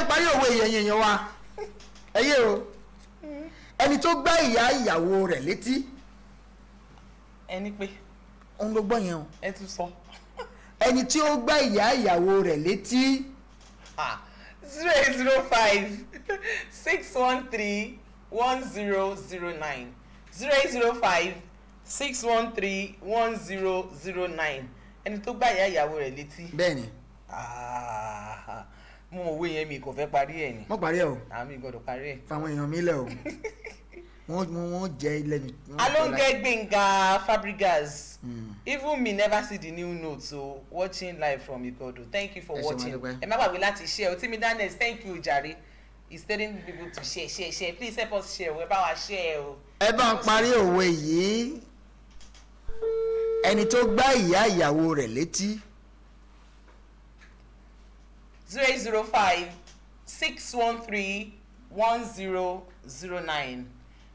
ń parí òwe yẹ̀yìn yẹn wa ẹyẹ o ẹni tó gbá ìyá ìyàwó rẹ̀ létí. ẹni pé. òun ló gbọ́ yẹn o. ẹ tún sọ. ẹni tí ó gbá ìyá ìyàwó rẹ̀ létí. zero eight zero five six one three one zero zero nine zero eight zero five six one three one zero zero nine ẹni tó gbá ìyá ìyàwó rẹ̀ létí. bẹ́ẹ̀ni. Ah mo òwe yẹn mi kò fẹ́ parí ẹ̀ ni. mo parí ẹ o. àmì gbọ́dọ̀ parí ẹ. fáwọn èèyàn mi lẹ o wọ́n wọ́n jẹ́ lẹ́nu. alonge Gbenga Fabregas hmm. even me never see the new note so watching live from Ikodo thank you for watching ẹ má gbàgbé láti share otimi daniels thank you jare he's telling people to share share share please help us share o ẹ bá wa share o. ẹ bá ń parí òwe yìí ẹni tó gbá ìyá ìyàwó rẹ̀ létí zero zero five six one three one zero zero nine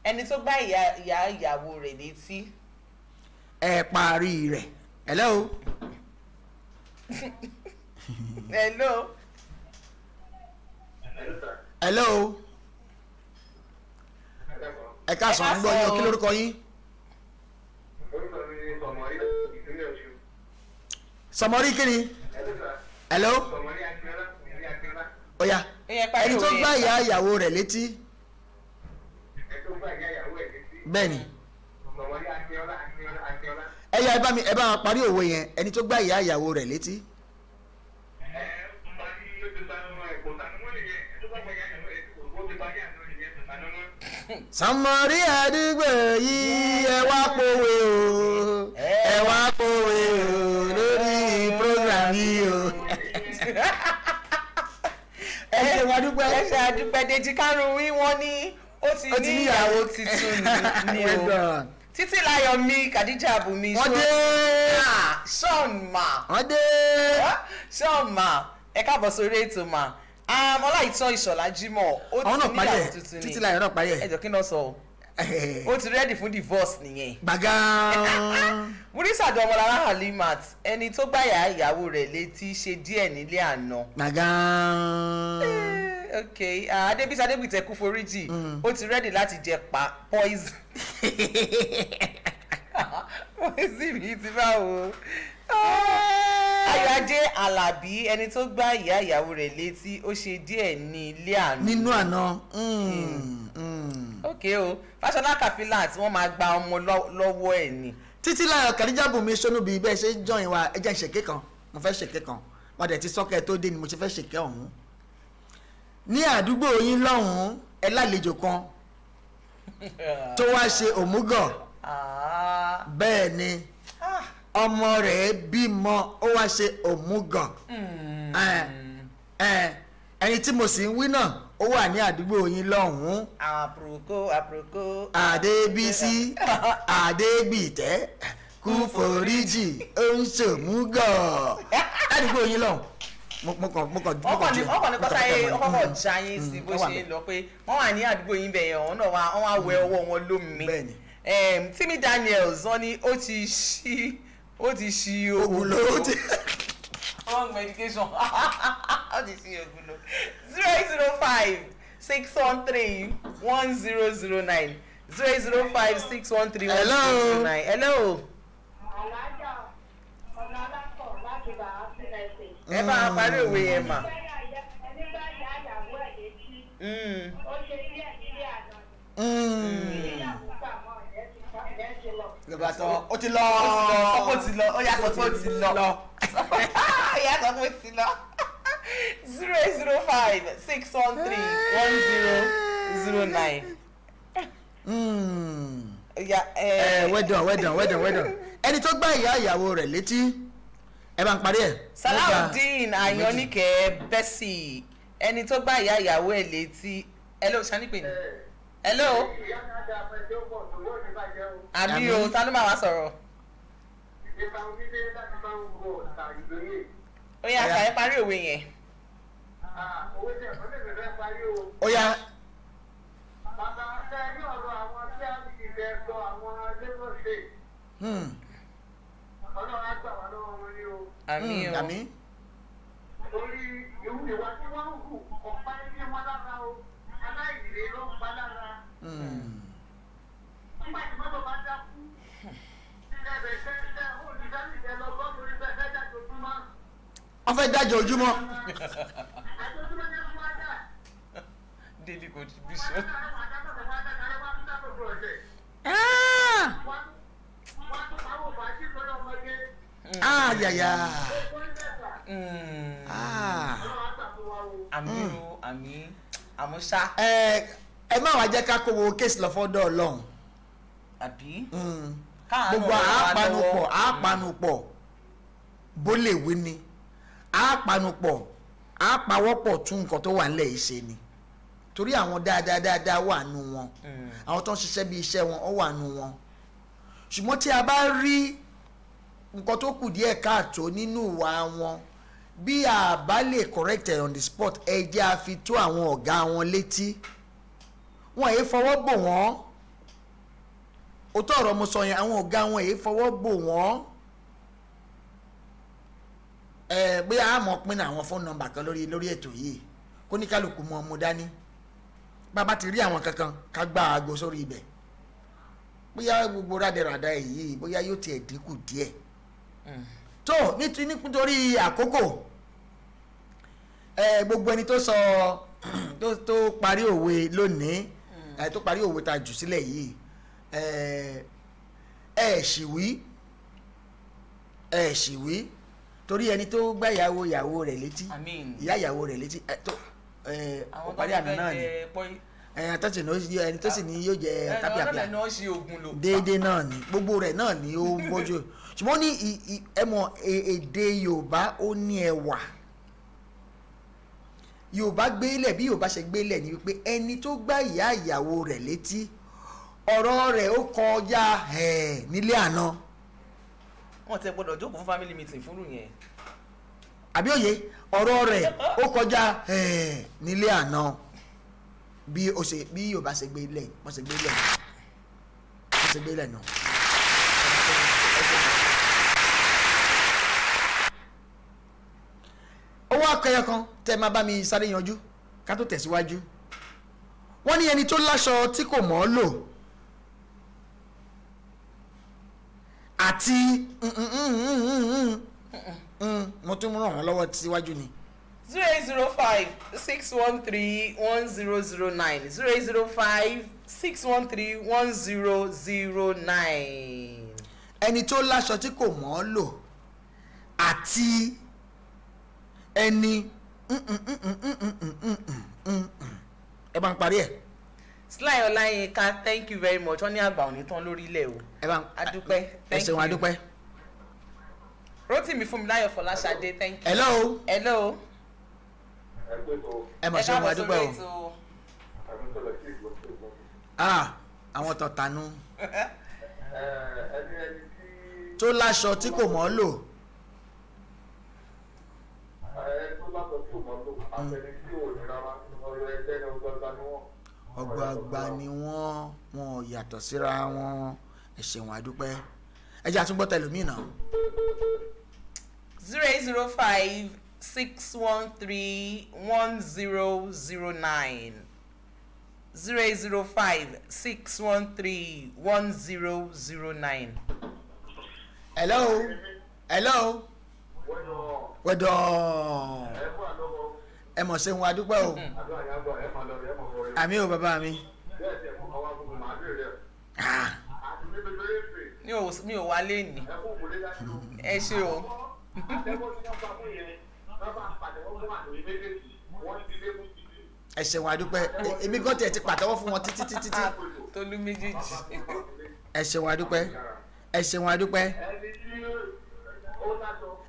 ẹni tó gbá ìyá ìyá ìyàwó rẹ̀ létí. ẹ parí rẹ̀ hello. hello. hello. ẹ káàsán ń gbọ́ yín kí lórúkọ yín. sọmọrí kí ni. hello. hello? ọ̀yà ẹni tó gbá ìyá ìyàwó rẹ̀ létí. bẹ́ẹ̀ni ẹ̀yà ẹ bá mi ẹ bá wa parí òwe yẹn ẹni tó gbá ìyá ìyàwó rẹ̀ létí. Sàmọ̀rí àdúgbò yìí ẹ wá pòwe o ẹ wá ṣẹ̀ṣẹ̀ àdúgbẹ̀dẹ̀jì kárùn-ún wí wọ́n ní ó ti ní ìyàwó tuntun ni o títí láyọ̀ mi Khadija Bùnmi wọ́n dé ah, Sean ma wọ́n dé Sean ma ẹ káàbọ̀ sórí ètò ma um, ọláìtàn ìṣọ̀lá Jímọ̀ ó ti ní ìyàwó tuntun ni títí láyọ̀ náà parí ẹ̀ ẹ̀jọ̀ kí náà sọ o ó ti rẹ́dì fún divorce nìyẹn. gbàgán. murisa dọmọlára halimat ẹni tó gbàyà ìyàwó rẹ̀ létí ṣe díẹ̀ nílé àná. gbàgán. Eh ok adébísí adébísí ẹkú foríjì mm. ó ti rẹ́dì láti jẹ pa poison poison yìí ti bá wo ayọ̀ajé alábí ẹni tó gbá ìyá ìyàwó rẹ̀ létí ó ṣe díẹ̀ ní ilé àná. nínú àná. Mm. Mm. ok o fásọlá kàfílà tí wọ́n máa gba ọmọ lọ́wọ́ ẹ̀ ni. títí láyọ̀ kàdíjà bùnmi sọ́nùbí bẹ́ẹ̀ ṣe ń jọyìn wa ẹ jẹ́ ìṣèké kan mo fẹ́ ṣèké kan wọ́n dẹ̀ ti sọ́kẹ́ tó dé ni mo ti fẹ́ ṣèké ọ̀hún ní àdúgbò yín lọ́hùn-ún ẹ lálejò kan tó wá ṣe òmùgọ̀ ah. bẹ́ẹ̀ ni ah. ọmọ rẹ̀ bímọ ó wá ṣe òmùgọ̀ hmm. ẹni tí mo sì ń wí náà ó wà ní àdúgbò yín lọ́hùn-ún. àpòròkó àpòròkó. àdébísí àdégbìtẹ́ kú foríjì ó ń ṣòmùgọ̀ àdúgbò yín lọ́hùn-ún mo kàn mo kàn. ọkọ ní ọkọ ní kọta yẹ ọkọ kọ já yín sí mm. bó ṣe lọ pé wọn wà ní àdúgbò yín bẹyẹ ọhún náà wọn wá wẹ mm. ọwọ́ wọn lómi Timi Daniels wọn ni ó ti ṣí ó ti ṣí ogun lọ wrong medication ó ti ṣí ogun lọ zero eight zero five six one three one zero zero nine zero eight zero five six one three one zero zero nine hello. ẹ bá a parí òwe yẹn mà. Mm. Mm. lọ́ba tán ó ti lọ sọ́kò ti lọ ó yàtọ̀ tó ti lọ ó yàtọ̀ tó ti lọ zero eight zero five six one three one zero zero nine. ẹ̀ẹ́dọ̀ wẹ́dọ̀ wẹ́dọ̀ wẹ́dọ̀ ẹni tó gbá ìyá ìyàwó rẹ̀ létí ẹ bá ń parí ẹ. Salaudeen Ayọ̀nìkẹ́ Bẹ́sì ẹni tó gbá ìyá ìyàwó ẹ̀ létí hello ṣánípè ni hello. àmì o ta ló máa wá sọ̀rọ̀. ó yá ká ẹ parí òwe yẹn. ó bàbá ṣe ní ọ̀rọ̀ àwọn tí a ti fẹ́ sọ àwọn lẹ́gbọ̀n Mm, àmín o àmín. torí ìwúni wa tí o aláìlè ló ń pa lára. Mm. nígbà daily contribution. Mm. ah yaya mm. ah àmì o àmì mm. àmúṣá. ẹ ẹ má wàá jẹ́ ká kówó kéésì lọ fọ́dọ̀ ọlọ́run. àbí. gbogbo àápanupọ̀ àápanupọ̀ bó lè wí ni àápanupọ̀ àápawọ́pọ̀ tún nǹkan tó wà nílẹ̀ yìí ṣe ni torí àwọn dáadáa dáadáa wà nù wọn àwọn tó ń ṣiṣẹ́ bí iṣẹ́ wọn ó wà nù wọn ṣùgbọ́n tí a bá rí nǹkan tó kù díẹ̀ káàtó nínú ìwà wọn bí a lè correct on the spot ẹ jẹ́ a fi tó àwọn ọ̀gá wọn létí wọn èé fọwọ́ bò wọ́n òótọ́ ọ̀rọ̀ mo sọ yẹn àwọn ọ̀gá wọn èé fọwọ́ bò wọ́n ẹ bóyá àmọ́ pín àwọn fóònù nọ́mbà kan lórí lórí ètò yìí kó ní kálukú mọ ọmọ dání bàbá ti rí àwọn kankan ká gba aago sórí ibẹ̀ bóyá gbogbo rádẹ̀ràdà èyí bóyá yóò tiẹ̀ dínkù díẹ̀ tó nítorí àkókò gbogbo ẹni tó sọ tó parí òwe lónìí hmm. tó parí òwe tá jù sílẹ̀ yìí ẹ ṣì wí ẹ ṣì wí torí ẹni tó gbá ìyàwó ìyàwó rẹ̀ létí ìyá ìyàwó rẹ̀ létí ẹ tó parí àná náà ni ẹyàn tó sì ní ẹni tó sì ní yóò jẹ tábìàbìà déédéé náà ni gbogbo rẹ̀ náà ni ó mójú ṣùgbọ́n ní ẹmọ e, èdè Yorùbá ó ní ẹwà Yorùbá gbélẹ̀ bí Yorùbá ṣe gbélẹ̀ ni wípé ẹni tó gbá ìyá ìyàwó rẹ̀ létí ọ̀rọ̀ rẹ̀ ó kọjá ẹ̀ nílé àná. wọn ti gbọ́dọ̀ jókòó fún family meeting fúnrú yẹn. àbí òye ọ̀rọ̀ rẹ̀ ó kọjá nílé àná bí o ṣe bí yorùbá ṣe gbé ilẹ̀ wọ́n ṣe gbé ilẹ̀ náà wọ́n ṣe gbé ilẹ̀ náà. owó akẹyọ kan tẹ́ máa bá mi sáré yanjú ká tó tẹ̀síwájú wọ́n ní ẹni tó láṣọ tí kò mọ̀ ọ́ lò àti mm, mm, mm, mo tún ràn án lọ́wọ́ síwájú ni zero eight zero five six one three one zero zero nine zero eight zero five six one three one zero zero nine. ẹni tó láṣọ tí kò mọ̀ ọ́ lò àti ẹni ẹ bá ń parí ẹ. sly ọláyínká thank you very much wọn ní àgbà òní tán lórí o. ẹ thank you ẹ ṣeun adúpẹ́. rotimi fúnmiláyọ̀ fọláṣadé thank you. hello. hello ẹ mọ̀ ṣe mo adúpẹ́ o ah àwọn tọ̀tànú tó láṣọ tí kò mọ̀ ọ́ lò. ọgbàgbà ni wọ́n wọn ò yàtọ̀ síra wọn ẹ ṣeun adúpẹ́ ẹ jẹ́ àtúgbọ́tẹ̀ zero eight zero five six one three one zero zero nine zero zero five six one three one zero zero nine. hello hello wẹ̀dọ̀ ẹ mọ̀ ṣe ń wá dúpẹ́ o àmì o bàbá mi. mi ò wá lé ẹ ṣe o. ẹ ṣeun àdúpẹ́ e, èmi gan tiẹ̀ ti pàtẹ́wọ́ fún wọn títí títí tí. tolú méjèèjì. ẹ ṣeun àdúpẹ́ ẹ ṣeun àdúpẹ́.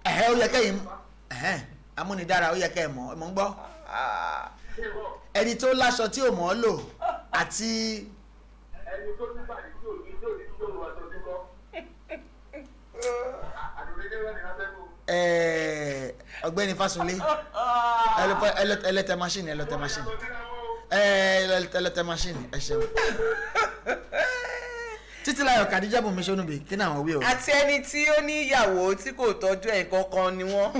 ẹ̀hẹ́ ó yẹ kẹ́yìn ẹ̀hẹ́ amúnidára ó yẹ kẹ́ ẹ̀ mọ̀ ẹ̀ ń gbọ́. ẹni tó láṣọ tí ò mọ̀ lò àti. ẹni tó ní bàjẹ́ tí ò ní tó ní tó lò wá tó kọ́ ọ̀gbẹ́ni Fásunlé ẹlẹtẹ machine ẹlẹtẹ machine ẹlẹtẹ machine ẹ ṣeun títílayọ̀ kàdíjà bùnmi sọnùbì kí náà wọ́n wí o. àti ẹni tí ó ní ìyàwó tí kò tọ́jú ẹ̀ kankan ni wọ́n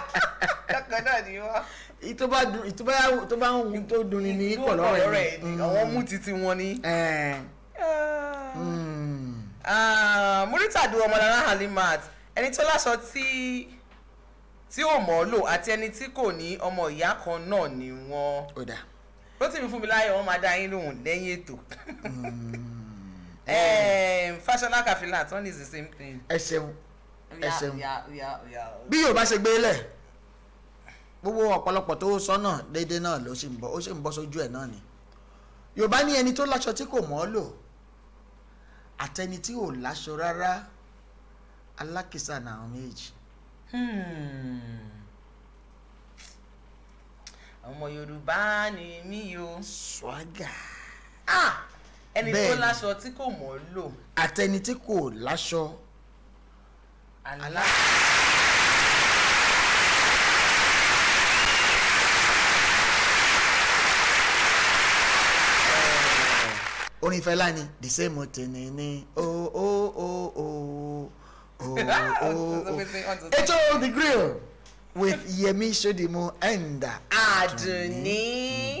kankan náà ni wọ́n. ìtọ́ba ìtọ́ba ohun tó dunni ní pọ̀ lọ́rọ̀ ẹ̀ ni àwọn mú mm. títí wọn ni. Murita Adu ah. mm. ah, Ọmọlára Halimat ẹni tó láṣọ tí. tí ò mọ̀ ọ́ àti ẹni tí kò ní ọmọ ìyá kan náà ni wọ́n. ó dà. Rótìmí Fúnmiláyọ̀ wọ́n máa dá yín lóhùn lẹ́yìn ètò. Hmm. Fáṣọlá ní the same thing. ẹ ṣeun ẹ ṣeun bí ṣe gbé e lẹ̀ gbogbo ọ̀pọ̀lọpọ̀ tó sọ́nà déédéé náà ló ń ó ṣì ń bọ́ sójú ẹ̀ náà ni Yorùbá ní ẹni tó láṣọ tí kò mọ̀ ọ́ lò àtẹni tí ò láṣọ rárá alákìsà náà méjì. Hmm. ọmọ yorùbá ni mí o. swaga. ah ẹni tó láṣọ tí kò mọ̀ ọ́ lò. àtẹni tí kò láṣọ. aláṣọ. orin Fẹlá ni the same thing ni Oh. oh, oh, oh. the grill with Yemi Shodimo and Adoni.